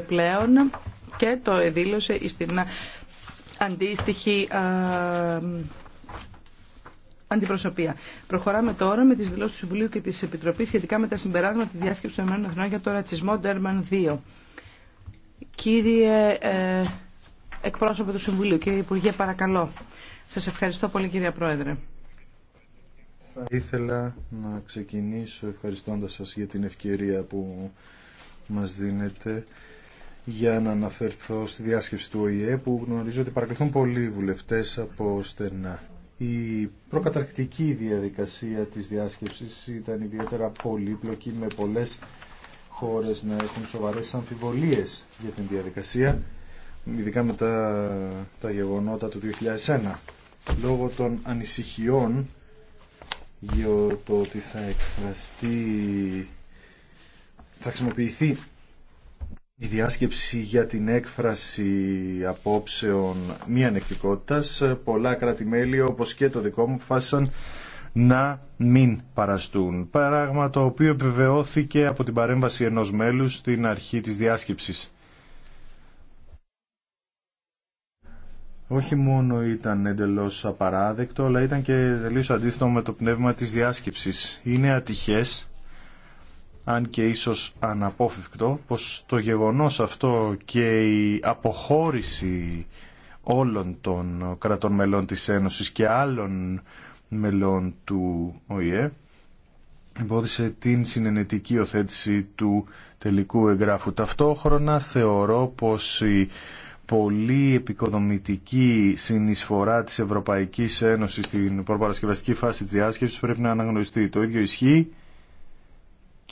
πλέον και το δήλωσε στην αντίστοιχη αντιπροσωπεία. Προχωράμε τώρα με τις δηλώσεις του Συμβουλίου και της Επιτροπής σχετικά με τα συμπεράσματα τη διάσκεψη των ΕΕ για το ρατσισμό Ντέρμαν 2. Κύριε ε, εκπρόσωπε του Συμβουλίου, κύριε Υπουργέ, παρακαλώ. Σας ευχαριστώ πολύ κύριε Πρόεδρε. Θα ήθελα να ξεκινήσω ευχαριστώντας σας για την ευκαιρία που μας δίνετε για να αναφερθώ στη διάσκεψη του ΟΗΕ που γνωρίζω ότι παρακολουθούν πολλοί βουλευτές από στενά. Η προκαταρκτική διαδικασία της διάσκεψης ήταν ιδιαίτερα πολύπλοκη με πολλές χώρες να έχουν σοβαρές αμφιβολίες για την διαδικασία ειδικά μετά τα γεγονότα του 2001 λόγω των ανησυχιών για το ότι θα εκφραστεί θα χρησιμοποιηθεί η διάσκεψη για την έκφραση απόψεων μη ανεκτικότητα πολλα πολλά κράτη-μέλη όπως και το δικό μου αποφάσισαν να μην παραστούν. Πράγμα το οποίο επιβεβαιώθηκε από την παρέμβαση ενός μέλους στην αρχή της διάσκεψης. όχι μόνο ήταν εντελώς απαράδεκτο, αλλά ήταν και τελείω αντίθετο με το πνεύμα της διάσκεψης. Είναι ατυχές αν και ίσως αναπόφευκτο, πως το γεγονός αυτό και η αποχώρηση όλων των κρατών μελών της Ένωσης και άλλων μελών του ΟΗΕ εμπόδισε την συνενετική οθέτηση του τελικού εγγράφου. Ταυτόχρονα θεωρώ πως η πολύ επικοδομητική συνεισφορά της Ευρωπαϊκής Ένωσης στην προπαρασκευαστική φάση της διάσκεψης πρέπει να αναγνωριστεί. Το ίδιο ισχύει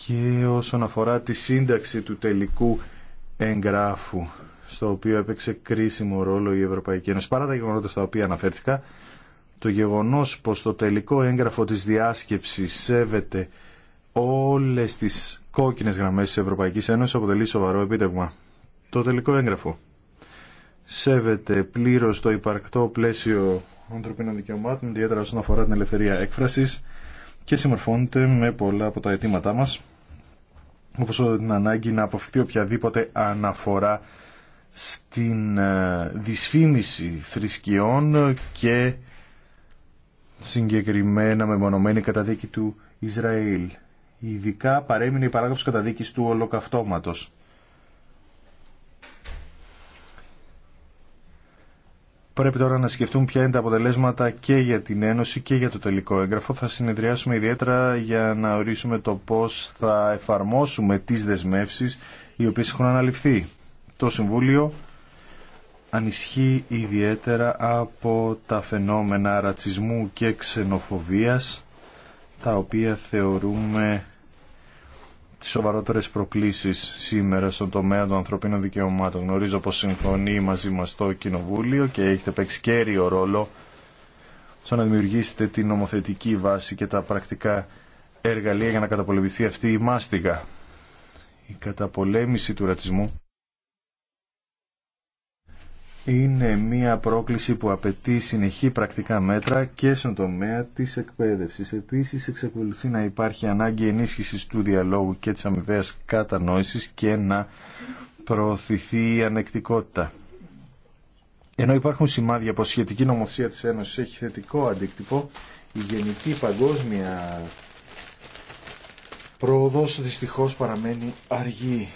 και όσον αφορά τη σύνταξη του τελικού εγγράφου στο οποίο έπαιξε κρίσιμο ρόλο η Ευρωπαϊκή Ένωση. Παρά τα γεγονότα στα οποία αναφέρθηκα, το γεγονός πως το τελικό έγγραφο της διάσκεψης σέβεται όλες τις κόκκινες γραμμές της Ευρωπαϊκής Ένωσης αποτελεί σοβαρό επίτευγμα. Το τελικό έγγραφο σέβεται πλήρως το υπαρκτό πλαίσιο ανθρωπίνων δικαιωμάτων, ιδιαίτερα όσον αφορά την ελευθερία έκφρασης και συμμορφώνεται με πολλά από τα αιτήματά μας όπως την ανάγκη να αποφευχθεί οποιαδήποτε αναφορά στην ε, δυσφήμιση θρησκειών και συγκεκριμένα μεμονωμένη καταδίκη του Ισραήλ. Ειδικά παρέμεινε η παράγραφος καταδίκης του ολοκαυτώματος. Πρέπει τώρα να σκεφτούμε ποια είναι τα αποτελέσματα και για την Ένωση και για το τελικό έγγραφο. Θα συνεδριάσουμε ιδιαίτερα για να ορίσουμε το πώς θα εφαρμόσουμε τις δεσμεύσεις οι οποίες έχουν αναλυφθεί. Το Συμβούλιο ανισχύει ιδιαίτερα από τα φαινόμενα ρατσισμού και ξενοφοβίας τα οποία θεωρούμε τι σοβαρότερε προκλήσεις σήμερα στον τομέα των ανθρωπίνων δικαιωμάτων. Γνωρίζω πως συμφωνεί μαζί μας το Κοινοβούλιο και έχετε παίξει κέριο ρόλο στο να δημιουργήσετε την νομοθετική βάση και τα πρακτικά εργαλεία για να καταπολεμηθεί αυτή η μάστιγα. Η καταπολέμηση του ρατσισμού είναι μια πρόκληση που απαιτεί συνεχή πρακτικά μέτρα και στον τομέα της εκπαίδευσης. Επίσης, εξακολουθεί να υπάρχει ανάγκη ενίσχυσης του διαλόγου και της αμοιβαίας κατανόησης και να προωθηθεί η ανεκτικότητα. Ενώ υπάρχουν σημάδια πως σχετική νομοθεσία της Ένωσης έχει θετικό αντίκτυπο, η γενική παγκόσμια πρόοδος δυστυχώς παραμένει αργή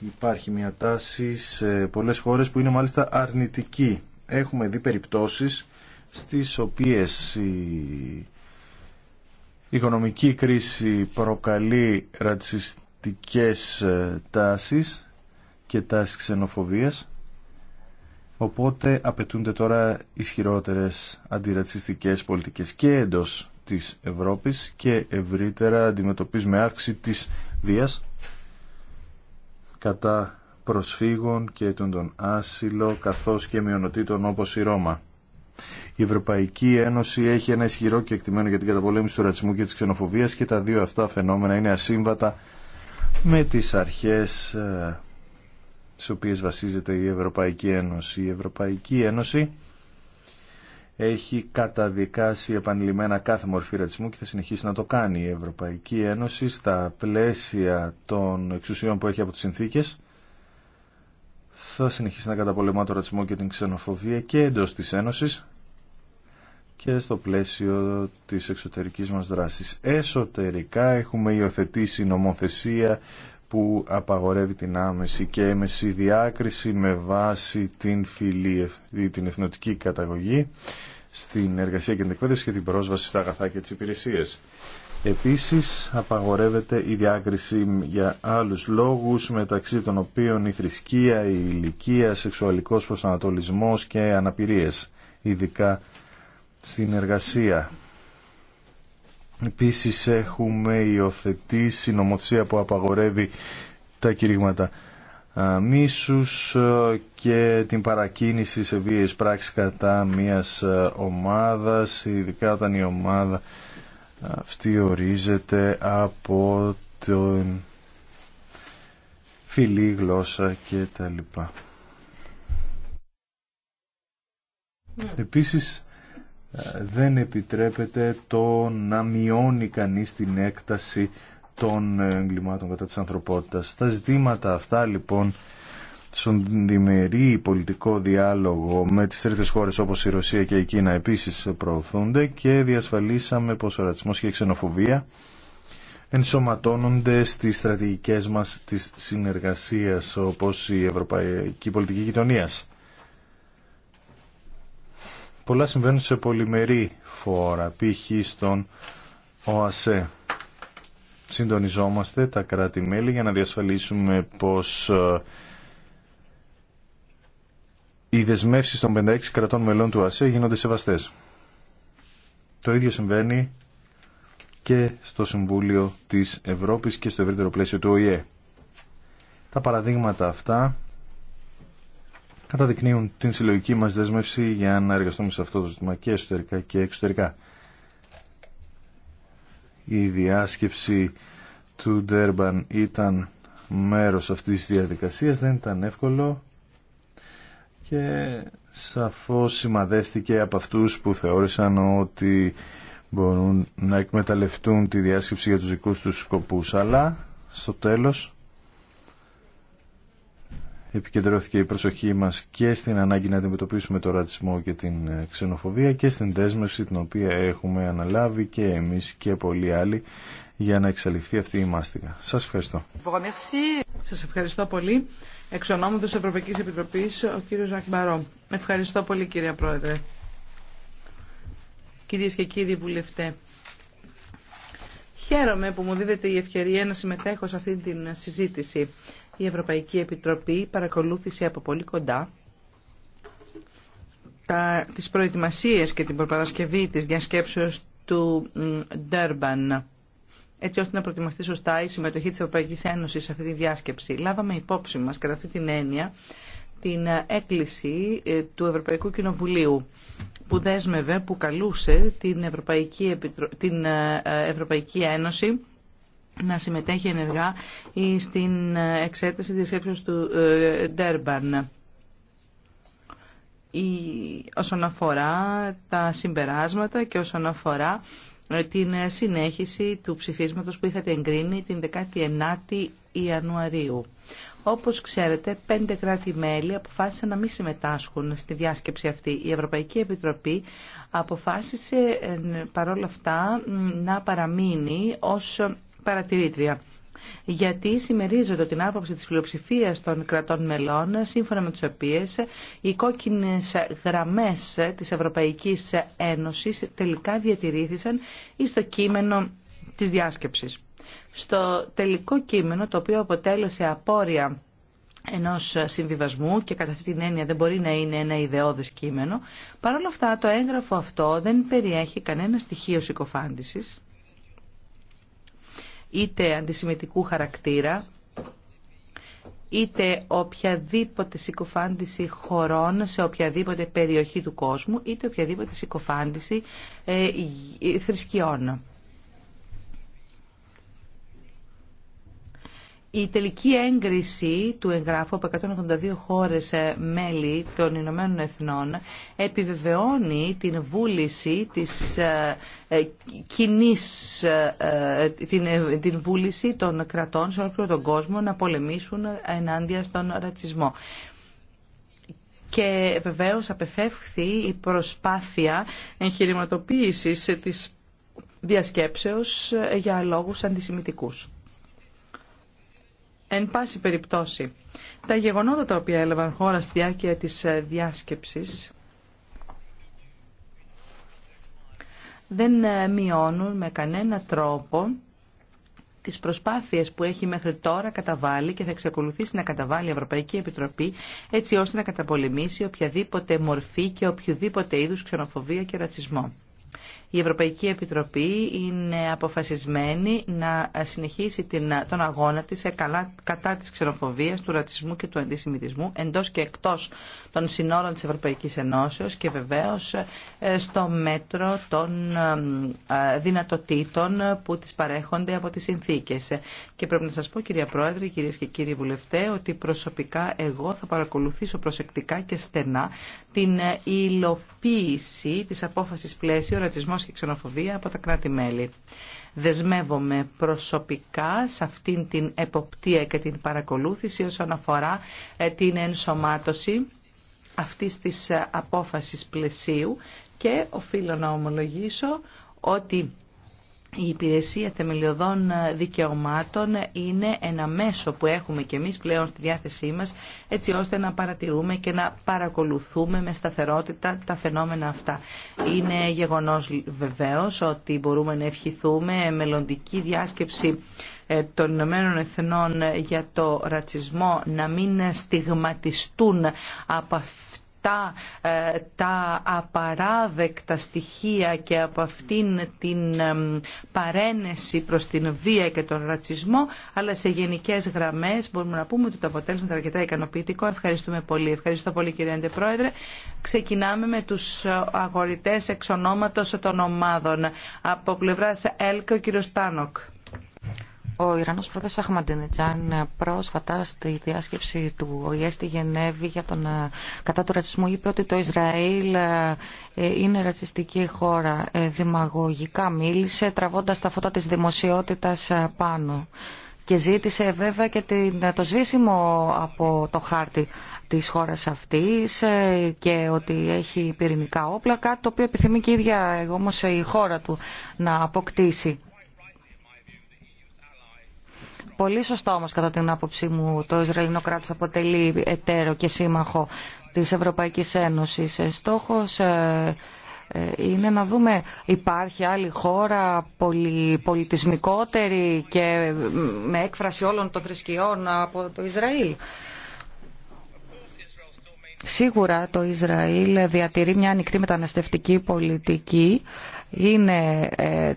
υπάρχει μια τάση σε πολλές χώρες που είναι μάλιστα αρνητική. Έχουμε δει περιπτώσεις στις οποίες η οικονομική κρίση προκαλεί ρατσιστικές ε, τάσεις και τάσεις ξενοφοβίας. Οπότε απαιτούνται τώρα ισχυρότερες αντιρατσιστικές πολιτικές και εντός της Ευρώπης και ευρύτερα αντιμετωπίζουμε αύξηση της βίας κατά προσφύγων και τον τον άσυλο καθώς και μειονοτήτων όπως η Ρώμα. Η Ευρωπαϊκή Ένωση έχει ένα ισχυρό και εκτιμένο για την καταπολέμηση του ρατσισμού και της ξενοφοβίας και τα δύο αυτά φαινόμενα είναι ασύμβατα με τις αρχές ε, στις οποίες βασίζεται η Ευρωπαϊκή Ένωση. Η Ευρωπαϊκή Ένωση έχει καταδικάσει επανειλημμένα κάθε μορφή ρατσισμού και θα συνεχίσει να το κάνει η Ευρωπαϊκή Ένωση στα πλαίσια των εξουσιών που έχει από τις συνθήκες θα συνεχίσει να καταπολεμά το ρατσισμό και την ξενοφοβία και εντός της Ένωσης και στο πλαίσιο της εξωτερικής μας δράσης. Εσωτερικά έχουμε υιοθετήσει νομοθεσία που απαγορεύει την άμεση και έμεση διάκριση με βάση την φυλή ή την εθνοτική καταγωγή στην εργασία και την εκπαίδευση και την πρόσβαση στα αγαθά και τις υπηρεσίες. Επίσης απαγορεύεται η διάκριση για άλλους λόγους μεταξύ των οποίων η θρησκεία, η ηλικία, σεξουαλικός προσανατολισμός και αναπηρίες, ειδικά στην εργασία. Επίσης έχουμε υιοθετήσει νομοθεσία που απαγορεύει τα κηρύγματα μίσους και την παρακίνηση σε βίαιες πράξεις κατά μιας ομάδας, ειδικά όταν η ομάδα αυτή ορίζεται από τον φιλή γλώσσα και τα λοιπά. Ναι. Επίσης δεν επιτρέπεται το να μειώνει κανείς την έκταση των εγκλημάτων κατά της ανθρωπότητας. Τα ζητήματα αυτά λοιπόν στον διμερή πολιτικό διάλογο με τις τρίτες χώρες όπως η Ρωσία και η Κίνα επίσης προωθούνται και διασφαλίσαμε πως ο ρατσισμός και η ξενοφοβία ενσωματώνονται στις στρατηγικές μας της συνεργασίας όπως η Ευρωπαϊκή Πολιτική Γειτονίας πολλά συμβαίνουν σε πολυμερή φόρα, π.χ. στον ΟΑΣΕ. Συντονιζόμαστε τα κράτη-μέλη για να διασφαλίσουμε πως ε, οι δεσμεύσεις των 56 κρατών μελών του ΟΑΣΕ γίνονται σεβαστές. Το ίδιο συμβαίνει και στο Συμβούλιο της Ευρώπης και στο ευρύτερο πλαίσιο του ΟΗΕ. Τα παραδείγματα αυτά καταδεικνύουν την συλλογική μας δέσμευση για να εργαστούμε σε αυτό το ζήτημα και εσωτερικά και εξωτερικά. Η διάσκεψη του Ντέρμπαν ήταν μέρος αυτής της διαδικασίας, δεν ήταν εύκολο και σαφώς σημαδεύτηκε από αυτούς που θεώρησαν ότι μπορούν να εκμεταλλευτούν τη διάσκεψη για τους δικούς τους σκοπούς, αλλά στο τέλος επικεντρώθηκε η προσοχή μας και στην ανάγκη να αντιμετωπίσουμε το ρατσισμό και την ε, ξενοφοβία και στην δέσμευση την οποία έχουμε αναλάβει και εμείς και πολλοί άλλοι για να εξαλειφθεί αυτή η μάστιγα. Σας ευχαριστώ. Σας ευχαριστώ πολύ. Εξ ονόματος Ευρωπαϊκής Επιτροπής, ο κύριος Ζακμπαρό. Ευχαριστώ πολύ κύριε Πρόεδρε. Κυρίες και κύριοι βουλευτέ. Χαίρομαι που μου δίδεται η ευκαιρία να συμμετέχω σε αυτή την συζήτηση η Ευρωπαϊκή Επιτροπή παρακολούθησε από πολύ κοντά τα, τις προετοιμασίες και την προπαρασκευή της διασκέψεως του Ντέρμπαν έτσι ώστε να προετοιμαστεί σωστά η συμμετοχή της Ευρωπαϊκής Ένωσης σε αυτή τη διάσκεψη. Λάβαμε υπόψη μας κατά αυτή την έννοια την ε, έκκληση ε, του Ευρωπαϊκού Κοινοβουλίου που δέσμευε, που καλούσε την Ευρωπαϊκή, την ε, Ευρωπαϊκή Ένωση να συμμετέχει ενεργά στην εξέταση της σκέψης του ε, Ντέρμπαν. Η, όσον αφορά τα συμπεράσματα και όσον αφορά ε, την συνέχιση του ψηφίσματος που είχατε εγκρίνει την 19η Ιανουαρίου. Όπως ξέρετε, πέντε κράτη-μέλη αποφάσισαν να μην συμμετάσχουν στη διάσκεψη αυτή. Η Ευρωπαϊκή Επιτροπή αποφάσισε ε, παρόλα αυτά να παραμείνει ως παρατηρήτρια γιατί συμμερίζεται την άποψη της πλειοψηφία των κρατών μελών, σύμφωνα με τις οποίες οι κόκκινες γραμμές της Ευρωπαϊκής Ένωσης τελικά διατηρήθησαν στο κείμενο της διάσκεψης. Στο τελικό κείμενο, το οποίο αποτέλεσε απόρρια ενός συμβιβασμού και κατά αυτή την έννοια δεν μπορεί να είναι ένα ιδεώδε κείμενο, παρόλα αυτά το έγγραφο αυτό δεν περιέχει κανένα στοιχείο συκοφάντηση είτε αντισημιτικού χαρακτήρα, είτε οποιαδήποτε συκοφάντηση χωρών σε οποιαδήποτε περιοχή του κόσμου, είτε οποιαδήποτε συκοφάντηση ε, θρησκειών. Η τελική έγκριση του εγγράφου από 182 χώρες ε, μέλη των Ηνωμένων Εθνών επιβεβαιώνει την βούληση της ε, ε, κοινής, την, βούληση των κρατών σε όλο τον κόσμο να πολεμήσουν ενάντια στον ρατσισμό και βεβαίως απεφεύχθη η προσπάθεια εγχειρηματοποίησης της διασκέψεως για λόγους αντισημιτικούς. Εν πάση περιπτώσει, τα γεγονότα τα οποία έλαβαν χώρα στη διάρκεια της ε, διάσκεψης δεν ε, μειώνουν με κανένα τρόπο τις προσπάθειες που έχει μέχρι τώρα καταβάλει και θα εξακολουθήσει να καταβάλει η Ευρωπαϊκή Επιτροπή έτσι ώστε να καταπολεμήσει οποιαδήποτε μορφή και οποιοδήποτε είδους ξενοφοβία και ρατσισμό. Η Ευρωπαϊκή Επιτροπή είναι αποφασισμένη να συνεχίσει τον αγώνα της καλά, κατά της ξενοφοβίας, του ρατσισμού και του αντισημιτισμού εντός και εκτός των συνόρων της Ευρωπαϊκής Ενώσεως και βεβαίως ε, στο μέτρο των ε, ε, δυνατοτήτων που τις παρέχονται από τις συνθήκες. Και πρέπει να σας πω κυρία Πρόεδρε, κυρίες και κύριοι βουλευτέ, ότι προσωπικά εγώ θα παρακολουθήσω προσεκτικά και στενά την υλοποίηση της απόφασης πλαίσιο ρατσισμός και ξενοφοβία από τα κράτη-μέλη. Δεσμεύομαι προσωπικά σε αυτήν την εποπτεία και την παρακολούθηση όσον αφορά ε, την ενσωμάτωση αυτής της ε, απόφασης πλαισίου και οφείλω να ομολογήσω ότι η υπηρεσία θεμελιωδών δικαιωμάτων είναι ένα μέσο που έχουμε και εμείς πλέον στη διάθεσή μας έτσι ώστε να παρατηρούμε και να παρακολουθούμε με σταθερότητα τα φαινόμενα αυτά. Είναι γεγονός βεβαίως ότι μπορούμε να ευχηθούμε μελλοντική διάσκεψη ε, των Ηνωμένων Εθνών για το ρατσισμό να μην στιγματιστούν από αυτή αυτά ε, τα απαράδεκτα στοιχεία και από αυτήν την παρένεση προς την βία και τον ρατσισμό, αλλά σε γενικές γραμμές μπορούμε να πούμε ότι το αποτέλεσμα ήταν αρκετά ικανοποιητικό. Ευχαριστούμε πολύ. Ευχαριστώ πολύ κύριε Αντεπρόεδρε. Ξεκινάμε με τους αγορητές εξ ονόματος των ομάδων. Από πλευράς ΕΛΚ ο κύριος Τάνοκ. Ο Ιρανό πρόεδρο Αχμαντινιτζάν πρόσφατα στη διάσκεψη του ΟΗΕ στη Γενέβη για τον ε, κατά του ρατσισμού είπε ότι το Ισραήλ ε, ε, είναι ρατσιστική χώρα. Δημαγωγικά μίλησε τραβώντας τα φώτα της δημοσιότητας πάνω και ζήτησε βέβαια και το σβήσιμο από το χάρτη της χώρας αυτής και ότι έχει πυρηνικά όπλα, κάτι το οποίο επιθυμεί και η ίδια όμως η χώρα του να αποκτήσει. Πολύ σωστό όμως κατά την άποψή μου το Ισραηλινό κράτος αποτελεί εταίρο και σύμμαχο της Ευρωπαϊκής Ένωσης. Ε, στόχος ε, ε, είναι να δούμε υπάρχει άλλη χώρα πολιτισμικότερη και με έκφραση όλων των θρησκειών από το Ισραήλ. Σίγουρα το Ισραήλ διατηρεί μια ανοιχτή μεταναστευτική πολιτική είναι ε,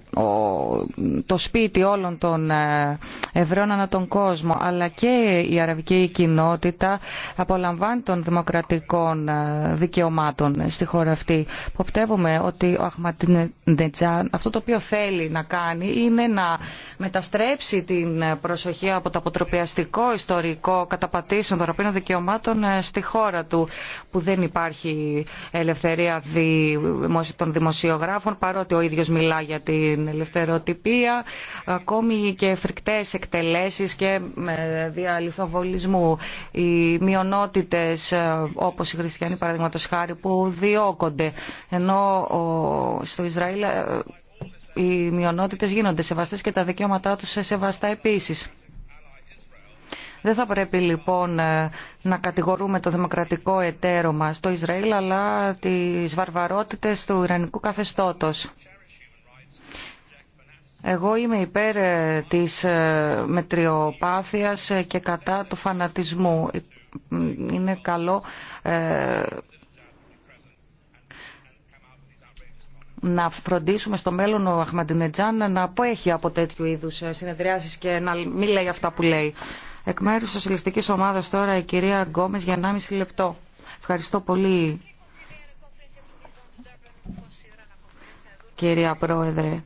το σπίτι όλων των ε, Εβραίων ανά τον κόσμο αλλά και η αραβική κοινότητα απολαμβάνει των δημοκρατικών ε, δικαιωμάτων στη χώρα αυτή. ποπτέύουμε ότι ο Αχματινετζάν αυτό το οποίο θέλει να κάνει είναι να μεταστρέψει την προσοχή από το αποτροπιαστικό ιστορικό καταπατήσεων των Ευρωπαϊκών δικαιωμάτων στη χώρα του που δεν υπάρχει ελευθερία των δημοσιογράφων ότι ο ίδιος μιλά για την ελευθεροτυπία, ακόμη και φρικτές εκτελέσεις και διαλυθοβολισμού. Οι μειονότητες ε, όπως οι χριστιανοί παραδείγματος χάρη που διώκονται, ενώ στο Ισραήλ ε, οι μειονότητες γίνονται σεβαστές και τα δικαιώματά τους σε σεβαστά επίσης. Δεν θα πρέπει λοιπόν ε, να κατηγορούμε το δημοκρατικό εταίρο μας, το Ισραήλ, αλλά τις βαρβαρότητες του Ιρανικού καθεστώτος. Εγώ είμαι υπέρ ε, της ε, μετριοπάθειας και κατά του φανατισμού. Είναι καλό να φροντίσουμε στο μέλλον ο Αχμαντινετζάν να αποέχει από τέτοιου είδους συνεδριάσεις και να μην λέει αυτά που λέει. Εκ μέρου τη Σοσιαλιστική ομάδα τώρα η κυρία Γκόμε για 1,5 λεπτό. Ευχαριστώ πολύ κυρία Πρόεδρε.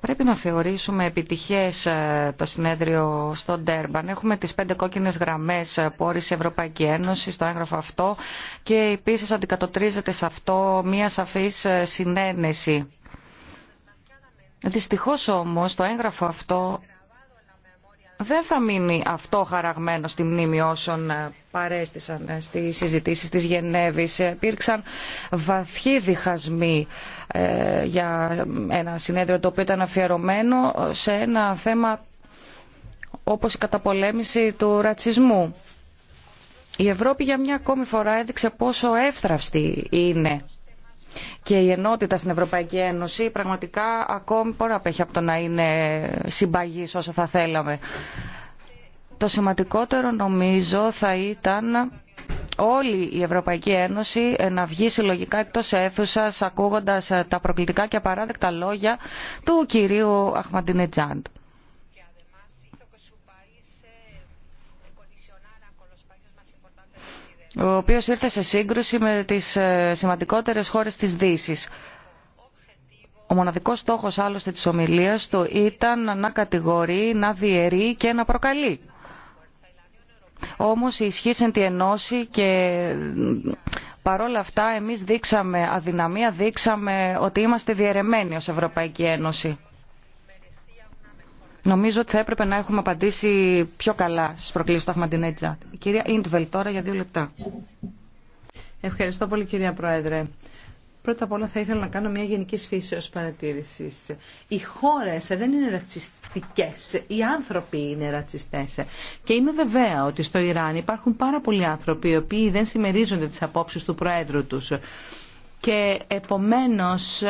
Πρέπει να θεωρήσουμε επιτυχές ε, το συνέδριο στο Ντέρμπαν. Έχουμε τις πέντε κόκκινες γραμμές ε, που όρισε η Ευρωπαϊκή Ένωση στο έγγραφο αυτό και επίσης αντικατοτρίζεται σε αυτό μία σαφής ε, συνένεση. Δυστυχώς όμως το έγγραφο αυτό δεν θα μείνει αυτό χαραγμένο στη μνήμη όσων ε, παρέστησαν ε, στις συζητήσεις της Γενέβης. Υπήρξαν βαθιοί διχασμοί ε, για ένα συνέδριο το οποίο ήταν αφιερωμένο σε ένα θέμα όπως η καταπολέμηση του ρατσισμού. Η Ευρώπη για μια ακόμη φορά έδειξε πόσο εύθραυστη είναι και η ενότητα στην Ευρωπαϊκή Ένωση πραγματικά ακόμη μπορεί απέχει από το να είναι συμπαγής όσο θα θέλαμε. Το σημαντικότερο νομίζω θα ήταν όλη η Ευρωπαϊκή Ένωση να βγει συλλογικά εκτός αίθουσας ακούγοντας τα προκλητικά και απαράδεκτα λόγια του κυρίου Αχμαντινετζάντ. ο οποίος ήρθε σε σύγκρουση με τις ε, σημαντικότερες χώρες της Δύσης. Ο μοναδικός στόχος άλλωστε της ομιλίας του ήταν να κατηγορεί, να διαιρεί και να προκαλεί. Όμως η τη ενώση και παρόλα αυτά εμείς δείξαμε αδυναμία, δείξαμε ότι είμαστε διαιρεμένοι ως Ευρωπαϊκή Ένωση. Νομίζω ότι θα έπρεπε να έχουμε απαντήσει πιο καλά στις προκλήσεις του Αχμαντινέτζα. κυρία Ιντβελ τώρα για δύο λεπτά. Ευχαριστώ πολύ κυρία Πρόεδρε. Πρώτα απ' όλα θα ήθελα να κάνω μια γενική φύσεως παρατήρηση. Οι χώρες δεν είναι ρατσιστικές, οι άνθρωποι είναι ρατσιστές. Και είμαι βεβαία ότι στο Ιράν υπάρχουν πάρα πολλοί άνθρωποι οι οποίοι δεν συμμερίζονται τις απόψεις του Προέδρου τους. Και επομένως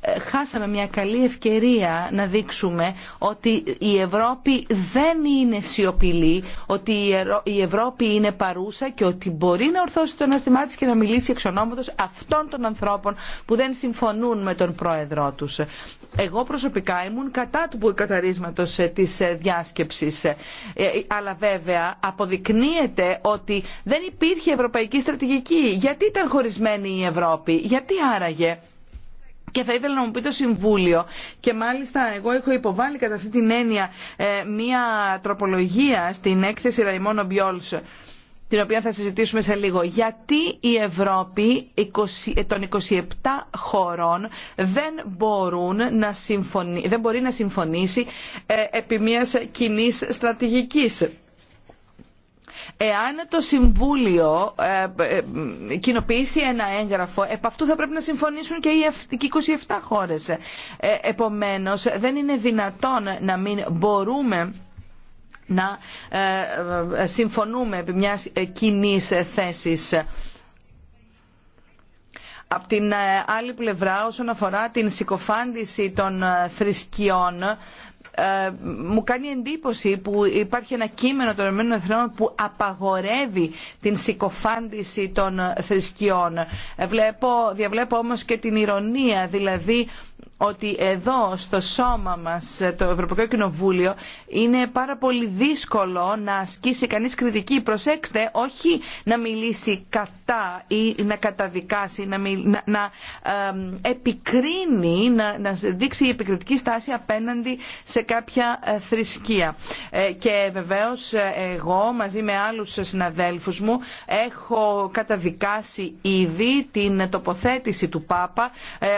ε, χάσαμε μια καλή ευκαιρία να δείξουμε ότι η Ευρώπη δεν είναι σιωπηλή, ότι η Ευρώπη είναι παρούσα και ότι μπορεί να ορθώσει το αναστημά και να μιλήσει εξ ονόματος αυτών των ανθρώπων που δεν συμφωνούν με τον πρόεδρό τους. Εγώ προσωπικά ήμουν κατά του καθαρίσματος ε, της ε, διάσκεψης. Αλλά βέβαια αποδεικνύεται ότι δεν υπήρχε ευρωπαϊκή στρατηγική. Γιατί ήταν χωρισμένη η Ευρώπη, γιατί άραγε και θα ήθελα να μου πει το Συμβούλιο και μάλιστα εγώ έχω υποβάλει κατά αυτή την έννοια ε, μία τροπολογία στην έκθεση Ραϊμόνο Μπιόλς την οποία θα συζητήσουμε σε λίγο. Γιατί η Ευρώπη ε, των 27 χωρών δεν, μπορούν να δεν μπορεί να συμφωνήσει ε, επί μιας κοινής στρατηγικής. Εάν το Συμβούλιο ε, ε, κοινοποιήσει ένα έγγραφο, επ' αυτού θα πρέπει να συμφωνήσουν και οι 27 χώρες. Ε, επομένως, δεν είναι δυνατόν να μην μπορούμε να συμφωνούμε επί μιας κοινής θέσης. Απ' την άλλη πλευρά, όσον αφορά την συκοφάντηση των θρησκειών, ε, μου κάνει εντύπωση που υπάρχει ένα κείμενο των ΗΠΑ που απαγορεύει την συκοφάντηση των θρησκειών. Ε, βλέπω, διαβλέπω όμως και την ηρωνία, δηλαδή ότι εδώ στο σώμα μας, το Ευρωπαϊκό Κοινοβούλιο, είναι πάρα πολύ δύσκολο να ασκήσει κανείς κριτική. Προσέξτε, όχι να μιλήσει κατά ή να καταδικάσει, να, να, να επικρίνει, να, δείξει η επικριτική στάση απέναντι σε κάποια ε, θρησκεία. Ε, και βεβαίως ε, εγώ μαζί με άλλους συναδέλφους μου έχω καταδικάσει ήδη την τοποθέτηση του Πάπα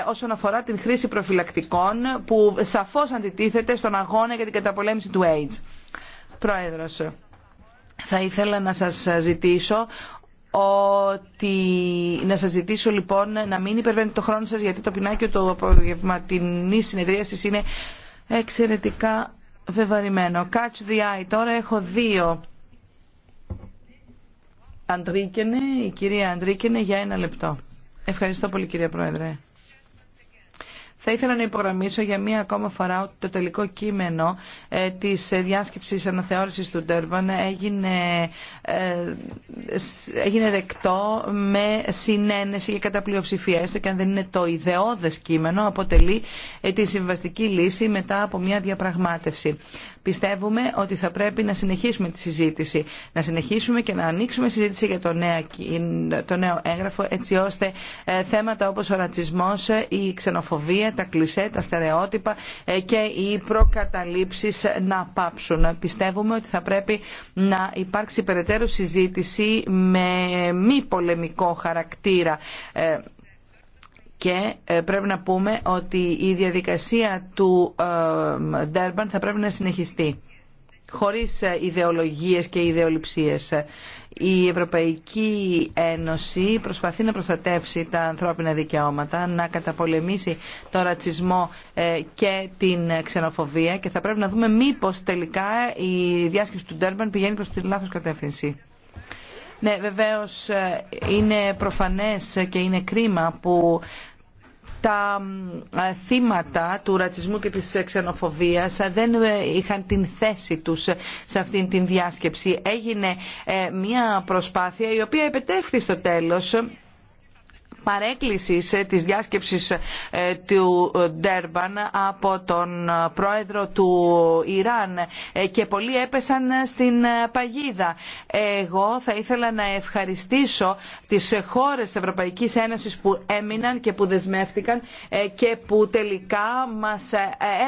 όσον αφορά την χρήση προφυλακτικών που σαφώς αντιτίθεται στον αγώνα για την καταπολέμηση του AIDS. Πρόεδρος, θα ήθελα να σας ζητήσω ότι να σας ζητήσω λοιπόν να μην υπερβαίνετε το χρόνο σας γιατί το πινάκιο του συνεδρία συνεδρίασης είναι εξαιρετικά βεβαρημένο. Catch the eye. Τώρα έχω δύο. Αντρίκενε, η κυρία Αντρίκενε για ένα λεπτό. Ευχαριστώ πολύ κυρία Πρόεδρε. Θα ήθελα να υπογραμμίσω για μία ακόμα φορά ότι το τελικό κείμενο ε, της διάσκεψης αναθεώρησης του Ντέρβαν ε, έγινε, δεκτό με συνένεση και κατά πλειοψηφία. Έστω και αν δεν είναι το ιδεώδες κείμενο, αποτελεί ε, τη συμβαστική λύση μετά από μία διαπραγμάτευση. Πιστεύουμε ότι θα πρέπει να συνεχίσουμε τη συζήτηση, να συνεχίσουμε και να ανοίξουμε συζήτηση για το νέο, το νέο έγγραφο έτσι ώστε ε, θέματα όπως ο ρατσισμός, ε, η ξενοφοβία, τα κλισέ, τα στερεότυπα ε, και οι προκαταλήψεις να πάψουν. Πιστεύουμε ότι θα πρέπει να υπάρξει περαιτέρω συζήτηση με μη πολεμικό χαρακτήρα και ε, πρέπει να πούμε ότι η διαδικασία του Ντέρμπαν ε, θα πρέπει να συνεχιστεί χωρίς ε, ιδεολογίες και ιδεολειψίες. Η Ευρωπαϊκή Ένωση προσπαθεί να προστατεύσει τα ανθρώπινα δικαιώματα, να καταπολεμήσει τον ρατσισμό και την ξενοφοβία και θα πρέπει να δούμε μήπως τελικά η διάσκεψη του Ντέρμπαν πηγαίνει προς τη λάθος κατεύθυνση. Ναι, βεβαίως ε, είναι προφανές και είναι κρίμα που τα ε, θύματα του ρατσισμού και της ξενοφοβίας ε, δεν είχαν την θέση τους σε αυτήν την διάσκεψη. Έγινε μια προσπάθεια η οποία επιτεύχθη στο τέλος παρέκκλησης ε, τη διάσκεψης ε, του ε, Ντέρμπαν από τον πρόεδρο του Ιράν και πολλοί έπεσαν στην παγίδα. Εγώ θα ήθελα να ευχαριστήσω τις χώρε τη Ευρωπαϊκής Ένωσης που έμειναν και που δεσμεύτηκαν και που τελικά μας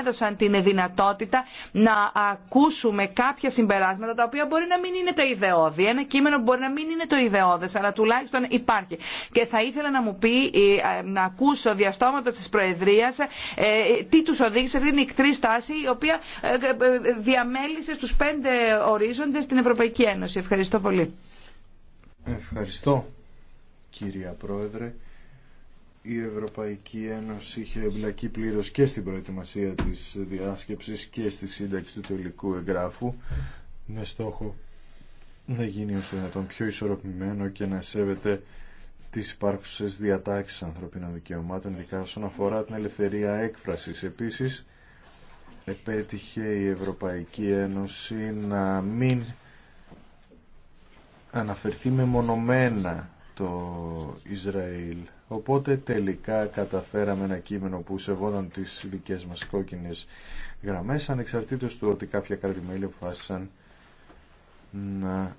έδωσαν την δυνατότητα να ακούσουμε κάποια συμπεράσματα τα οποία μπορεί να μην είναι τα ιδεώδη. Ένα κείμενο μπορεί να μην είναι το ιδεώδε, αλλά τουλάχιστον υπάρχει. Και θα ήθελα να μου πει, ε, να ακούσω διαστόματο της Προεδρίας ε, τι τους οδήγησε αυτή την εκτρή στάση η οποία ε, διαμέλησε στου πέντε ορίζοντες την Ευρωπαϊκή Ένωση. Ευχαριστώ πολύ. Ευχαριστώ κυρία Πρόεδρε. Η Ευρωπαϊκή Ένωση είχε εμπλακεί πλήρως και στην προετοιμασία της διάσκεψης και στη σύνταξη του τελικού εγγράφου με στόχο να γίνει όσο δυνατόν πιο ισορροπημένο και να σέβεται τις υπάρχουσες διατάξεις ανθρωπίνων δικαιωμάτων, ειδικά όσον αφορά την ελευθερία έκφρασης. Επίσης, επέτυχε η Ευρωπαϊκή Ένωση να μην αναφερθεί μεμονωμένα το Ισραήλ. Οπότε τελικά καταφέραμε ένα κείμενο που σεβόταν τις δικές μας κόκκινες γραμμές, ανεξαρτήτως του ότι κάποια κρατημέλη αποφάσισαν να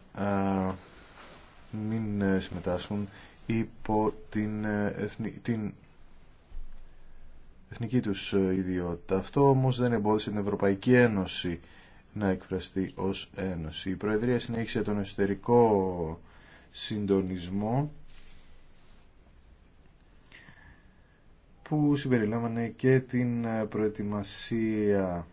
μην ε, συμμετάσχουν υπό την, ε, εθνική, την τους ε, ιδιότητα. Αυτό όμως δεν εμπόδισε την Ευρωπαϊκή Ένωση να εκφραστεί ως Ένωση. Η Προεδρία συνέχισε τον εσωτερικό συντονισμό που συμπεριλάμβανε και την ε, προετοιμασία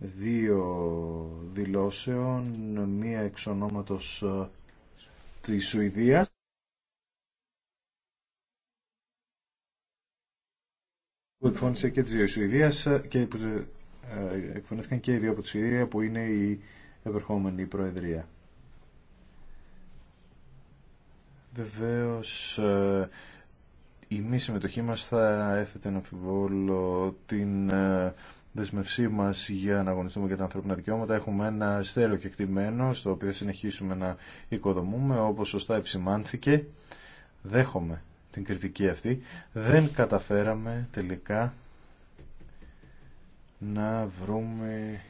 δύο δηλώσεων, μία εξ ονόματος ε, της Σουηδίας. που εκφώνησε και τις δύο Σουηδίας ε, και ε, εκφωνήθηκαν και οι δύο από τη Σουηδία που είναι η επερχόμενη Προεδρία. Βεβαίως η μη συμμετοχή μας θα έθετε να αμφιβόλω την δεσμευσή μα για να αγωνιστούμε για τα ανθρώπινα δικαιώματα. Έχουμε ένα στέρεο κεκτημένο στο οποίο θα συνεχίσουμε να οικοδομούμε όπως σωστά επισημάνθηκε. Δέχομαι την κριτική αυτή. Δεν καταφέραμε τελικά να βρούμε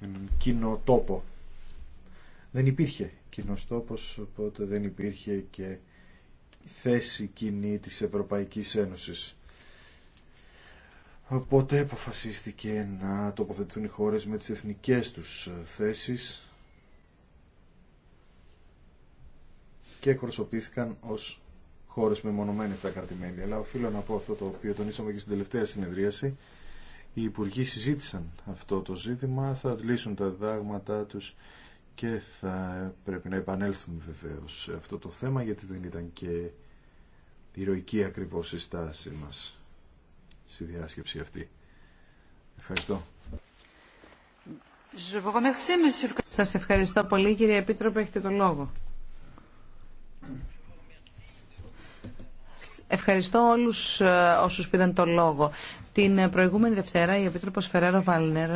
έναν κοινό τόπο. Δεν υπήρχε κοινό τόπο, οπότε δεν υπήρχε και θέση κοινή της Ευρωπαϊκής Ένωσης. Οπότε αποφασίστηκε να τοποθετηθούν οι χώρες με τις εθνικές τους θέσεις και εκπροσωπήθηκαν ως χώρες μεμονωμένες στα καρτιμένη. Αλλά οφείλω να πω αυτό το οποίο τονίσαμε και στην τελευταία συνεδρίαση. Οι υπουργοί συζήτησαν αυτό το ζήτημα, θα λύσουν τα διδάγματά τους και θα πρέπει να επανέλθουν βεβαίως σε αυτό το θέμα γιατί δεν ήταν και ηρωική ακριβώς η στάση μας στη διάσκεψη αυτή. Ευχαριστώ. Σας ευχαριστώ πολύ κύριε Επίτροπε, έχετε το λόγο. Ευχαριστώ όλους ε, όσους πήραν το λόγο. Την ε, προηγούμενη Δευτέρα η Επίτροπος Φεραίρο Βάλνερ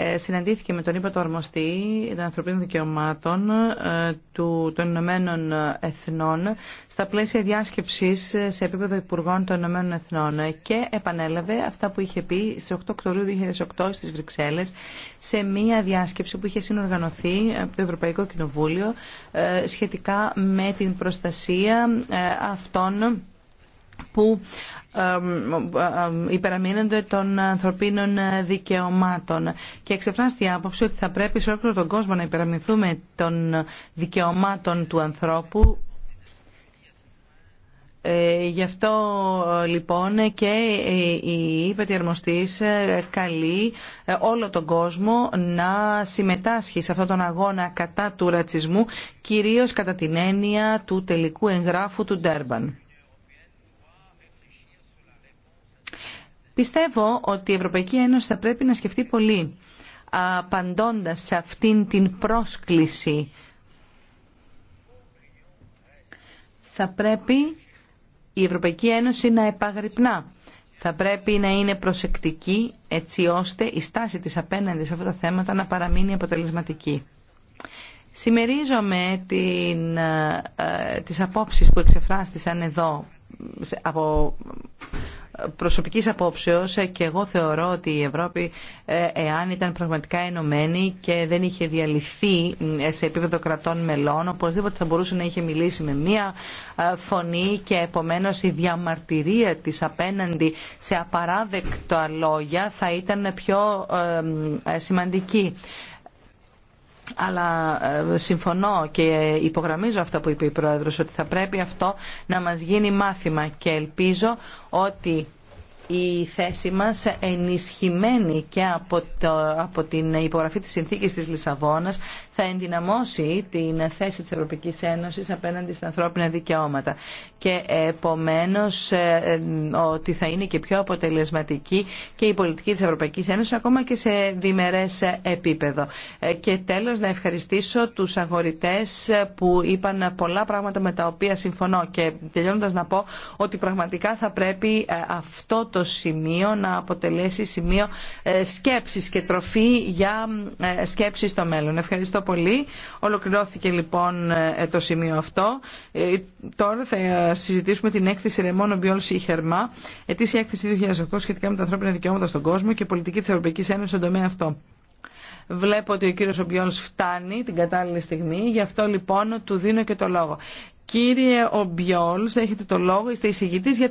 ε, συναντήθηκε με τον ύπατο αρμοστή των ανθρωπίνων δικαιωμάτων ε, του, των Ηνωμένων Εθνών στα πλαίσια διάσκεψης σε επίπεδο Υπουργών των Ηνωμένων Εθνών και επανέλαβε αυτά που είχε πει στις 8 Οκτωβρίου 2008 στις Βρυξέλλες σε μία διάσκεψη που είχε συνοργανωθεί από το Ευρωπαϊκό Κοινοβούλιο ε, σχετικά με την προστασία αυτών που ε, ε, ε, υπεραμείνονται των ανθρωπίνων δικαιωμάτων. Και εξεφράστη η άποψη ότι θα πρέπει σε όλο τον κόσμο να υπεραμεινθούμε των δικαιωμάτων του ανθρώπου γι' αυτό λοιπόν και η ΥΠΕΤΗ καλεί όλο τον κόσμο να συμμετάσχει σε αυτόν τον αγώνα κατά του ρατσισμού, κυρίως κατά την έννοια του τελικού εγγράφου του Ντέρμπαν. Πιστεύω ότι η Ευρωπαϊκή Ένωση θα πρέπει να σκεφτεί πολύ απαντώντας σε αυτήν την πρόσκληση. Θα πρέπει η Ευρωπαϊκή Ένωση να επαγρυπνά. Θα πρέπει να είναι προσεκτική έτσι ώστε η στάση της απέναντι σε αυτά τα θέματα να παραμείνει αποτελεσματική. Σημερίζομαι την, ε, ε, τις απόψεις που εξεφράστησαν εδώ από προσωπικής απόψεως ε, και εγώ θεωρώ ότι η Ευρώπη ε, εάν ήταν πραγματικά ενωμένη και δεν είχε διαλυθεί ε, σε επίπεδο κρατών μελών οπωσδήποτε θα μπορούσε να είχε μιλήσει με μία φωνή και επομένως η διαμαρτυρία της απέναντι σε απαράδεκτα λόγια θα ήταν πιο σημαντική αλλά ε, συμφωνώ και υπογραμμίζω αυτά που είπε η Πρόεδρος ότι θα πρέπει αυτό να μας γίνει μάθημα και ελπίζω ότι η θέση μας ενισχυμένη και από, το, από την υπογραφή της συνθήκης της Λισαβόνας θα ενδυναμώσει την θέση της Ευρωπαϊκής Ένωσης απέναντι στα ανθρώπινα δικαιώματα και επομένως ε, ε, ότι θα είναι και πιο αποτελεσματική και η πολιτική της Ευρωπαϊκής Ένωσης ακόμα και σε διμερές επίπεδο. Ε, και τέλος να ευχαριστήσω τους αγορητές που είπαν πολλά πράγματα με τα οποία συμφωνώ και τελειώνοντας να πω ότι πραγματικά θα πρέπει αυτό το το σημείο να αποτελέσει σημείο ε, σκέψης και τροφή για ε, σκέψη στο μέλλον. Ευχαριστώ πολύ. Ολοκληρώθηκε λοιπόν ε, το σημείο αυτό. Τώρα θα συζητήσουμε την έκθεση Ρεμόνο Μπιόλ Σίχερμα, ετήσια έκθεση 2008 σχετικά με τα ανθρώπινα δικαιώματα στον κόσμο και πολιτική της Ευρωπαϊκής Ένωσης στον τομέα αυτό. Βλέπω ότι ο κύριος Ομπιόλ φτάνει την κατάλληλη στιγμή, γι' αυτό λοιπόν του δίνω και το λόγο. Κύριε Ομπιόλ, έχετε το λόγο, είστε εισηγητής για